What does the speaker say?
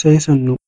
seisonnut